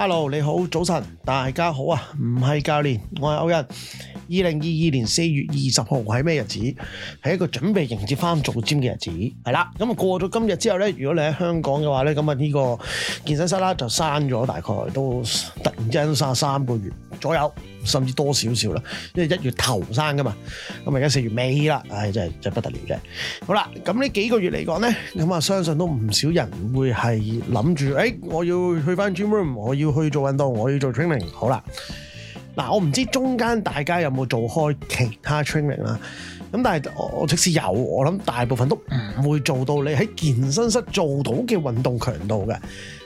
Hello，你好，早晨，大家好啊！唔係教練，我係 Owen。二零二二年四月二十號係咩日子？係一個準備迎接返做 gym 嘅日子，係啦。咁啊過咗今日之後呢，如果你喺香港嘅話呢，咁啊呢個健身室啦就閂咗，大概都突然之間閂三個月左右。甚至多少少啦，因為一月頭生噶嘛，咁而家四月尾啦，唉、哎，真係真係不得了嘅。好啦，咁呢幾個月嚟講咧，咁啊相信都唔少人會係諗住，誒，我要去翻 Gym Room，我要去做運動，我要做 training。好啦，嗱，我唔知中間大家有冇做開其他 training 啦、啊，咁但係我即使有，我諗大部分都唔會做到你喺健身室做到嘅運動強度嘅。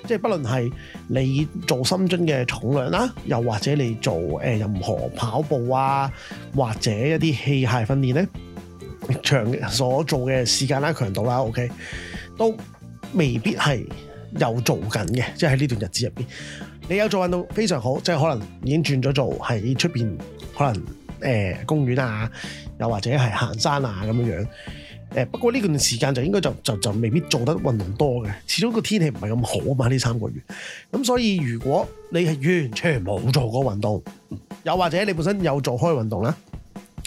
即係，不論係你做深蹲嘅重量啦，又或者你做誒任何跑步啊，或者一啲器械訓練咧，長所做嘅時間啦、強度啦，OK，都未必係有做緊嘅。即係喺呢段日子入邊，你有做運動非常好，即係可能已經轉咗做喺出邊，可能誒、呃、公園啊，又或者係行山啊咁樣樣。不過呢段時間就應該就就就就未必做得運動多嘅，始終個天氣唔係咁好啊嘛呢三個月，咁所以如果你係完全冇做過運動，又或者你本身有做開運動啦，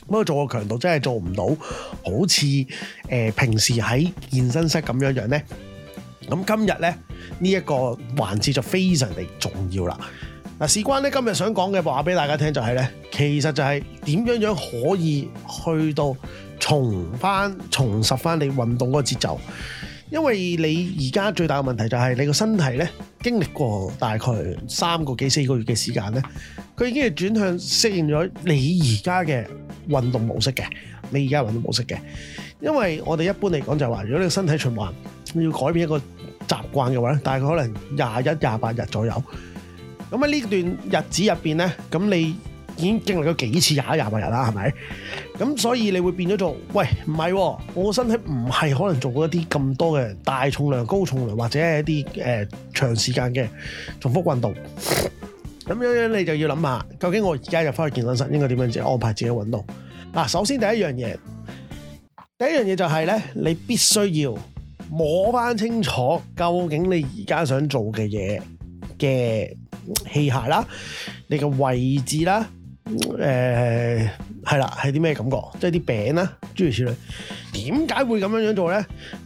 不過做個強度真係做唔到，好似、呃、平時喺健身室咁樣樣咧，咁今日咧呢一、這個環節就非常地重要啦。嗱、啊，事關咧今日想講嘅話俾大家聽就係咧，其實就係點樣樣可以去到。重翻重拾翻你運動嗰個節奏，因為你而家最大嘅問題就係你個身體咧經歷過大概三個幾四個月嘅時間咧，佢已經係轉向適應咗你而家嘅運動模式嘅，你而家運動模式嘅，因為我哋一般嚟講就話，如果你個身體循環要改變一個習慣嘅話咧，大概可能廿一廿八日左右。咁喺呢段日子入邊咧，咁你。已經經歷過幾次廿一廿八日啦，係咪？咁所以你會變咗做，喂，唔係、哦，我身體唔係可能做過一啲咁多嘅大重量、高重量或者一啲誒、呃、長時間嘅重複運動。咁樣樣你就要諗下，究竟我而家入翻去健身室應該點樣自己安排自己運動？嗱，首先第一樣嘢，第一樣嘢就係、是、咧，你必須要摸翻清楚，究竟你而家想做嘅嘢嘅器械啦，你嘅位置啦。誒係啦，係啲咩感覺？即係啲餅啦，諸如此類。點解會咁樣樣做咧？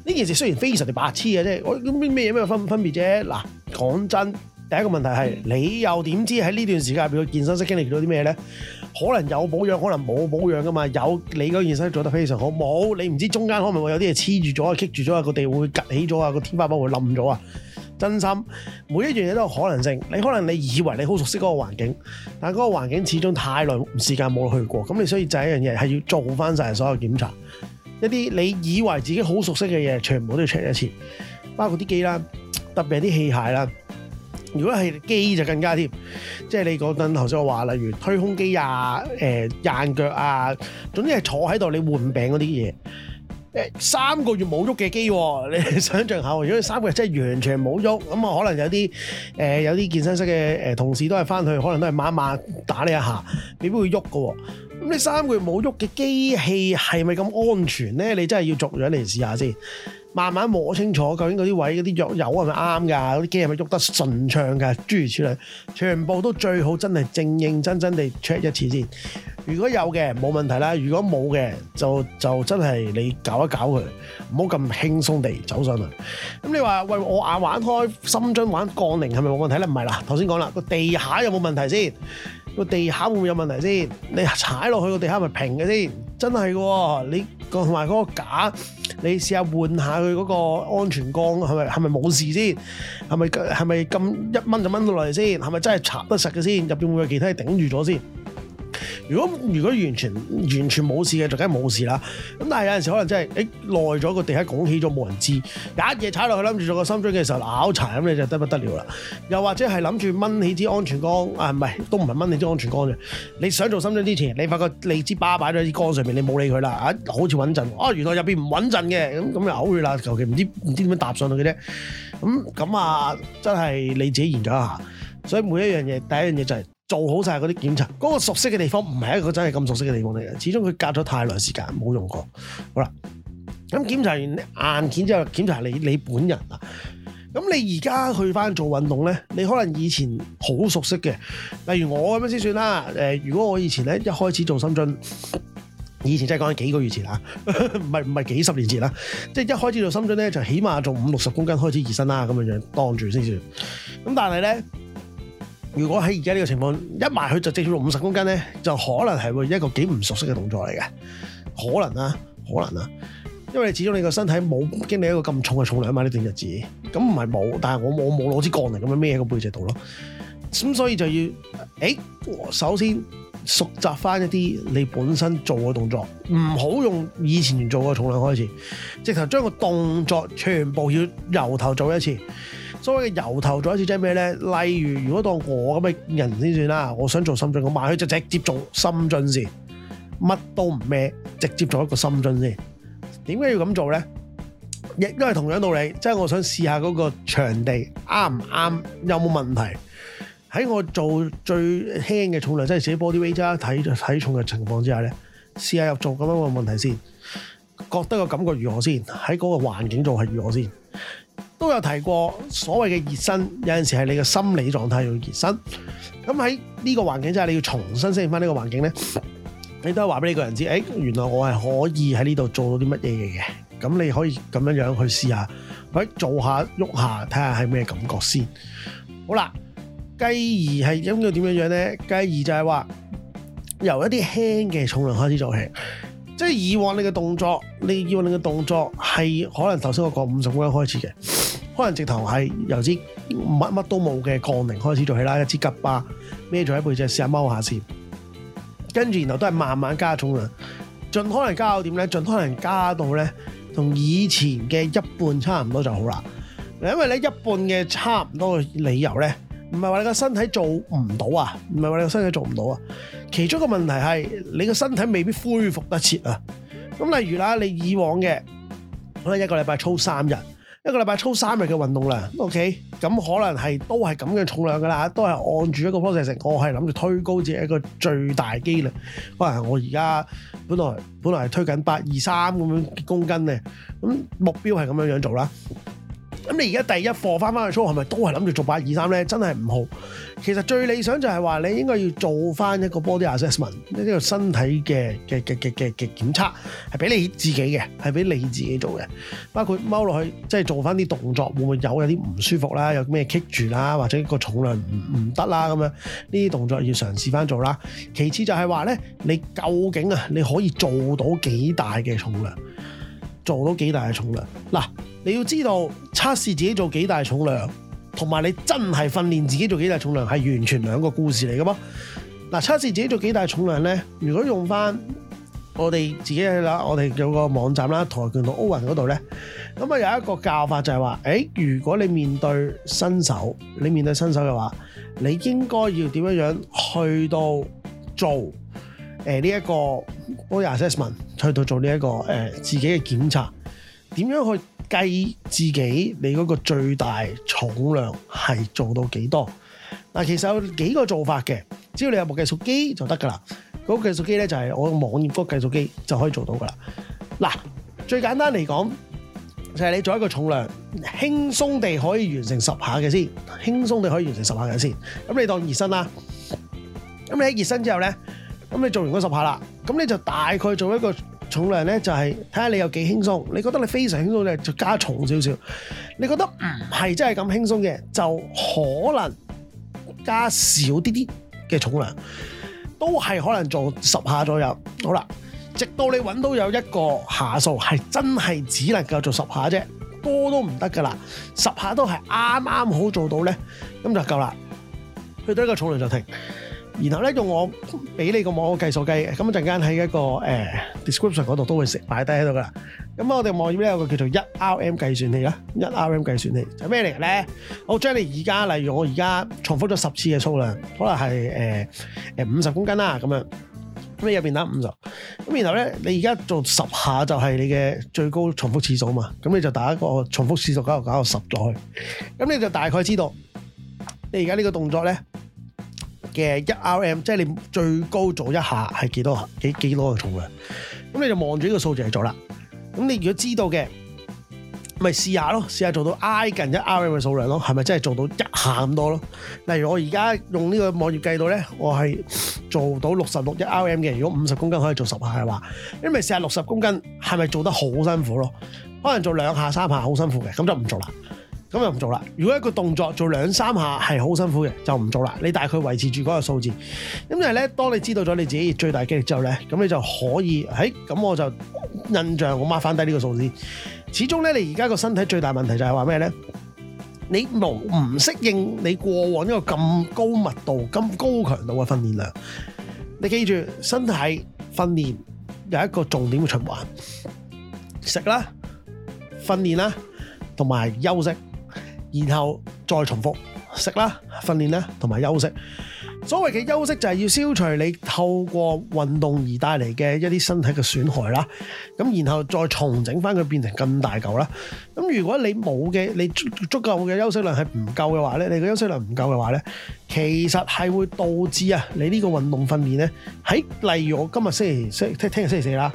呢件事雖然非常地白痴嘅，啫，係我咁咩嘢咩分唔分別啫？嗱，講真，第一個問題係你又點知喺呢段時間入邊個健身室經歷咗啲咩咧？可能有保養，可能冇保養噶嘛。有，你個健身做得非常好，冇，你唔知中間可能會有啲嘢黐住咗啊、棘住咗啊、個地會趷起咗啊、個天花板會冧咗啊。真心每一樣嘢都有可能性，你可能你以為你好熟悉嗰個環境，但係嗰個環境始終太耐時間冇去過，咁你所以就係一樣嘢係要做翻晒所有檢查，一啲你以為自己好熟悉嘅嘢，全部都要 check 一次，包括啲機啦，特別係啲器械啦，如果係機就更加添，即係你嗰陣頭先我話，例如推胸機啊、誒、呃、硬腳啊，總之係坐喺度你換餅嗰啲嘢。三個月冇喐嘅機，你想象下，如果你三個月真係完全冇喐，咁啊可能有啲誒、呃、有啲健身室嘅同事都係翻去，可能都係晚晚打你一下，未必會喐喎。咁你三個月冇喐嘅機器係咪咁安全呢？你真係要逐樣嚟試下先。慢慢摸清楚究竟嗰啲位嗰啲藥油係咪啱㗎？嗰啲機係咪喐得順暢㗎？諸如此類，全部都最好真係正認真真地 check 一次先。如果有嘅冇問題啦，如果冇嘅就就真係你搞一搞佢，唔好咁輕鬆地走上嚟。咁你話喂，我晏玩開深蹲玩槓鈴係咪冇問題咧？唔係啦，頭先講啦，個地下有冇問題先？個地下會唔會有問題先？你踩落去個地下係咪平嘅先？真係嘅喎，你同埋嗰個架。你試下換下換下佢嗰個安全桿係咪係咪冇事先？係咪係咪咁一掹就掹到嚟先？係咪真係插得實嘅先？入面會有，有其他嘢頂住咗先？如果如果完全完全冇事嘅，就梗係冇事啦。咁但係有陣時可能真係，誒耐咗個地下拱起咗，冇人知，有一嘢踩落去，諗住做個深蹲嘅時候拗柴咁，你就得不得了啦。又或者係諗住掹起支安全桿，啊唔係，都唔係掹起支安全桿嘅。你想做深蹲之前，你發覺你支巴擺咗喺桿上面，你冇理佢啦，啊好似穩陣，啊原來入邊唔穩陣嘅，咁咁又嘔佢啦。求其唔知唔知點樣搭上去嘅啫。咁、嗯、咁啊，真係你自己研究一下。所以每一樣嘢，第一樣嘢就係、是。做好晒嗰啲檢查，嗰個熟悉嘅地方唔係一個真係咁熟悉嘅地方嚟嘅，始終佢隔咗太耐時間冇用過。好啦，咁檢查完硬件之後，檢查你你本人啊。咁你而家去翻做運動咧，你可能以前好熟悉嘅，例如我咁樣先算啦。呃，如果我以前咧一開始做深蹲，以前真係講緊幾個月前啊，唔係唔係幾十年前啦，即係一開始做深蹲咧，就起碼做五六十公斤開始熱身啦，咁樣樣當住先算。咁但係咧。如果喺而家呢個情況，一埋去就直接做五十公斤咧，就可能係會一個幾唔熟悉嘅動作嚟嘅，可能啊，可能啊，因為始終你個身體冇經歷一個咁重嘅重量嘛，呢段日子，咁唔係冇，但係我冇我冇攞支槓嚟咁樣孭喺個背脊度咯，咁所以就要，誒、欸，首先熟習翻一啲你本身做嘅動作，唔好用以前做嘅重量開始，直頭將個動作全部要由頭做一次。所謂嘅由頭做一次即係咩咧？例如，如果當我咁嘅人先算啦，我想做深蹲，我買去就直接做深蹲先，乜都唔咩，直接做一個深蹲先。點解要咁做咧？亦都係同樣道理，即係我想試下嗰個場地啱唔啱，有冇問題。喺我做最輕嘅重量，即係自己 body weight 啦，睇睇重嘅情況之下咧，試下入做咁樣嘅問題先，覺得個感覺如何先？喺嗰個環境做係如何先？都有提過所謂的，所謂嘅熱身有陣時係你嘅心理狀態要熱身。咁喺呢個環境之下，你要重新適應翻呢個環境咧，你都係話俾你個人知。誒，原來我係可以喺呢度做到啲乜嘢嘅。咁你可以咁樣樣去試下，喂，做下喐下，睇下係咩感覺先。好啦，繼而係咁叫點樣樣咧？繼而就係話由一啲輕嘅重量開始做起，即係以往你嘅動作，你以往你嘅動作係可能頭先我講五十公斤開始嘅。可能直頭係由支乜乜都冇嘅槓鈴開始做起啦，一支吉巴孭咗喺背脊，試，試下踎下先。跟住然後都係慢慢加重量，盡可能加到點咧？盡可能加到咧，同以前嘅一半差唔多就好啦。因為咧一半嘅差唔多嘅理由咧，唔係話你個身體做唔到啊，唔係話你個身體做唔到啊。其中一個問題係你個身體未必恢復得切啊。咁例如啦，你以往嘅可能一個禮拜操三日。一個禮拜操三日嘅運動量，OK，咁可能係都係咁嘅重量噶啦，都係按住一個 p r o c e s s 我係諗住推高至一個最大肌力。可能我而家本來本來係推緊八二三咁樣公斤嘅，咁目標係咁樣樣做啦。咁你而家第一課翻翻去操，係咪都係諗住做八二三咧？真係唔好。其實最理想就係話，你應該要做翻一個 body assessment，呢個身體嘅嘅嘅嘅嘅嘅檢測，係俾你自己嘅，係俾你自己做嘅。包括踎落去，即係做翻啲動作，會唔會有有啲唔舒服啦？有咩棘住啦？或者個重量唔唔得啦？咁樣呢啲動作要嘗試翻做啦。其次就係話咧，你究竟啊，你可以做到幾大嘅重量？做到幾大嘅重量？嗱。你要知道測試自己做幾大重量，同埋你真係訓練自己做幾大重量係完全兩個故事嚟噶噉。嗱，測試自己做幾大重量咧，如果用翻我哋自己去啦，我哋有個網站啦，跆拳道 Owen 嗰度咧，咁啊有一個教法就係話，誒，如果你面對新手，你面對新手嘅話，你應該要點樣樣去到做誒呢一個 body assessment，去到做呢一個誒自己嘅檢查。點樣去計自己你嗰個最大重量係做到幾多？嗱，其實有幾個做法嘅，只要你有部計數機就得噶啦。嗰個計數機咧就係我嘅網頁嗰個計數機就可以做到噶啦。嗱，最簡單嚟講就係你做一個重量輕鬆地可以完成十下嘅先，輕鬆地可以完成十下嘅先。咁你當熱身啦。咁你喺熱身之後咧，咁你做完嗰十下啦，咁你就大概做一個重量呢、就係，就係睇下你有幾輕鬆，你覺得你非常輕鬆呢，就加重少少，你覺得唔係真係咁輕鬆嘅就可能加少啲啲嘅重量，都係可能做十下左右。好啦，直到你揾到有一個下數係真係只能夠做十下啫，多都唔得噶啦。十下都係啱啱好做到呢，咁就夠啦。去到一個重量就停。然後咧，用我俾你個網絡計數機，咁陣間喺一個、呃、description 嗰度都會寫擺低喺度噶。咁我哋網頁咧有個叫做一 RM 計算器啦，一 RM 計算器就係咩嚟咧？我、就、將、是、你而家，例如我而家重複咗十次嘅操量，可能係誒誒五十公斤啦，咁樣咁你入面打五十。咁然後咧，你而家做十下就係你嘅最高重複次數嘛。咁你就打一個重複次數搞到搞下十咗去。咁你就大概知道你而家呢個動作咧。嘅一 RM 即係你最高做一下係幾多幾幾多嘅重量，咁你就望住呢個數字嚟做啦。咁你如果知道嘅，咪試下咯，試下做到挨近一 RM 嘅數量咯，係咪真係做到一下咁多咯？例如我而家用呢個網頁計到咧，我係做到六十六一 RM 嘅。如果五十公斤可以做十下嘅話，你咪試下六十公斤，係咪做得好辛苦咯？可能做兩下、三下好辛苦嘅，咁就唔做啦。咁就唔做啦。如果一個動作做兩三下係好辛苦嘅，就唔做啦。你大概維持住嗰個數字。咁就係咧，當你知道咗你自己最大肌力之後咧，咁你就可以喺，咁我就印象我抹翻低呢個數字。始終咧，你而家個身體最大問題就係話咩咧？你無唔適應你過往呢個咁高密度、咁高強度嘅訓練量。你記住，身體訓練有一個重點嘅循環：食啦、訓練啦，同埋休息。然後再重複食啦、訓練啦同埋休息。所謂嘅休息就係要消除你透過運動而帶嚟嘅一啲身體嘅損害啦。咁然後再重整翻佢變成咁大嚿啦。咁如果你冇嘅，你足夠嘅休息量係唔夠嘅話呢，你個休息量唔夠嘅話呢，其實係會導致啊你呢個運動訓練呢，喺例如我今日星期即聽日星期四啦。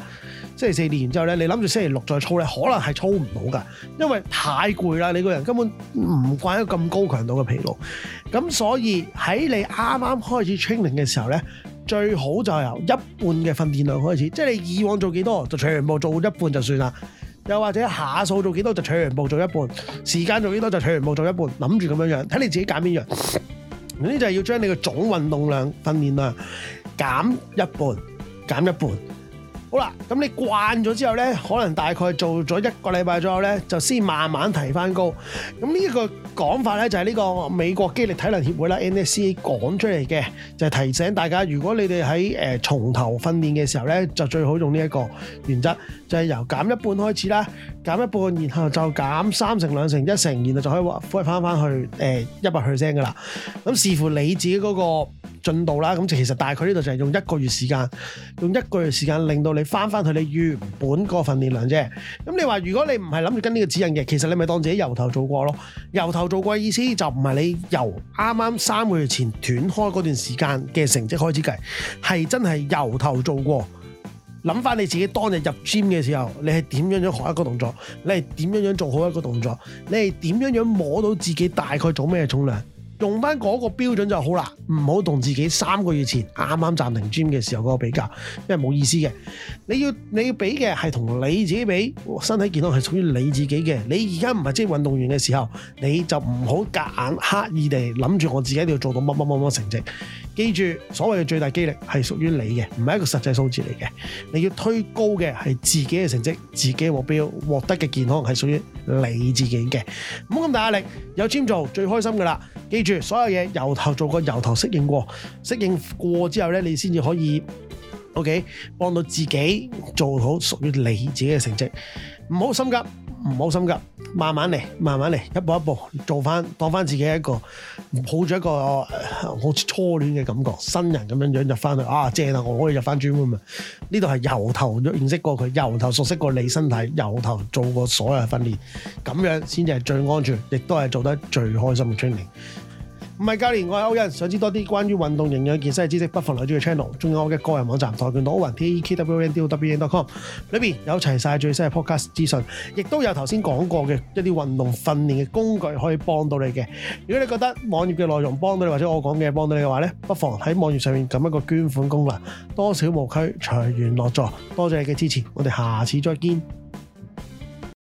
星期四練完之後咧，你諗住星期六再操咧，可能係操唔到㗎，因為太攰啦，你個人根本唔慣一個咁高強度嘅疲勞。咁所以喺你啱啱開始 training 嘅時候咧，最好就由一半嘅訓練量開始，即係你以往做幾多就全部做一半就算啦。又或者下數做幾多就全部做一半，時間做幾多就全部做一半，諗住咁樣樣，睇你自己揀邊樣。呢就係要將你嘅總運動量、訓練量減一半，減一半。好啦，咁你慣咗之後呢，可能大概做咗一個禮拜左右呢，就先慢慢提翻高。咁呢一個講法呢，就係呢個美國肌力體能協會啦 （NSCA） 講出嚟嘅，就係提醒大家，如果你哋喺誒從頭訓練嘅時候呢，就最好用呢一個原則，就係由減一半開始啦，減一半，然後就減三成、兩成、一成，然後就可以恢復翻翻去誒一百 percent 噶啦。咁視乎你自己嗰個進度啦。咁其實大概呢度就係用一個月時間，用一個月時間令到你。翻翻去你原本嗰份力量啫。咁你話如果你唔係諗住跟呢個指引嘅，其實你咪當自己由頭做過咯。由頭做過意思就唔係你由啱啱三個月前斷開嗰段時間嘅成績開始計，係真係由頭做過。諗翻你自己當日入 gym 嘅時候，你係點樣樣學一個動作？你係點樣樣做好一個動作？你係點樣樣摸到自己大概做咩重量？用翻嗰個標準就好啦，唔好同自己三個月前啱啱暫停 gym 嘅時候嗰個比較，因為冇意思嘅。你要你要比嘅係同你自己比，身體健康係屬於你自己嘅。你而家唔係職業運動員嘅時候，你就唔好夾硬刻意地諗住我自己一定要做到乜乜乜乜成績。記住，所謂嘅最大肌力係屬於你嘅，唔係一個實際數字嚟嘅。你要推高嘅係自己嘅成績，自己嘅目標獲得嘅健康係屬於你自己嘅。唔好咁大壓力，有 gym 做最開心噶啦。記住。所有嘢由頭做過，由頭適應過，適應過之後咧，你先至可以，OK，幫到自己做好屬於你自己嘅成績。唔好心急，唔好心急，慢慢嚟，慢慢嚟，一步一步做翻，當翻自己一個抱住一個、呃、好似初戀嘅感覺，新人咁樣樣入翻去啊正啦，我可以入翻專門啊。呢度係由頭認識過佢，由頭熟悉過你身體，由頭做過所有訓練，咁樣先至係最安全，亦都係做得最開心嘅 training。唔係教練，我係歐恩。想知道多啲關於運動營養健身嘅知識，不妨留住個 channel。仲有我嘅個人網站跆拳道雲 t a e k w o n d o w e n dot com，裏面有齊晒最新嘅 podcast 資訊，亦都有頭先講過嘅一啲運動訓練嘅工具可以幫到你嘅。如果你覺得網頁嘅內容幫到你，或者我講嘅幫到你嘅話咧，不妨喺網頁上面撳一個捐款功能，多少無拘隨緣樂助。多謝你嘅支持，我哋下次再見。